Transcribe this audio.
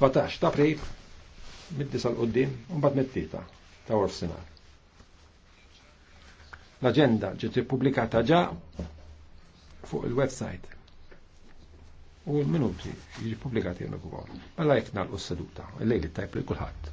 17 ta' prejb, mid-disa l-qoddim, un bad mit-tita ta' orf L-agenda ġiet publikata ġa fuq il-website. U l-minuti ġiet pubblikati jenna kubor. Mela jekna l-osseduta, l-lejli tajb li kullħat.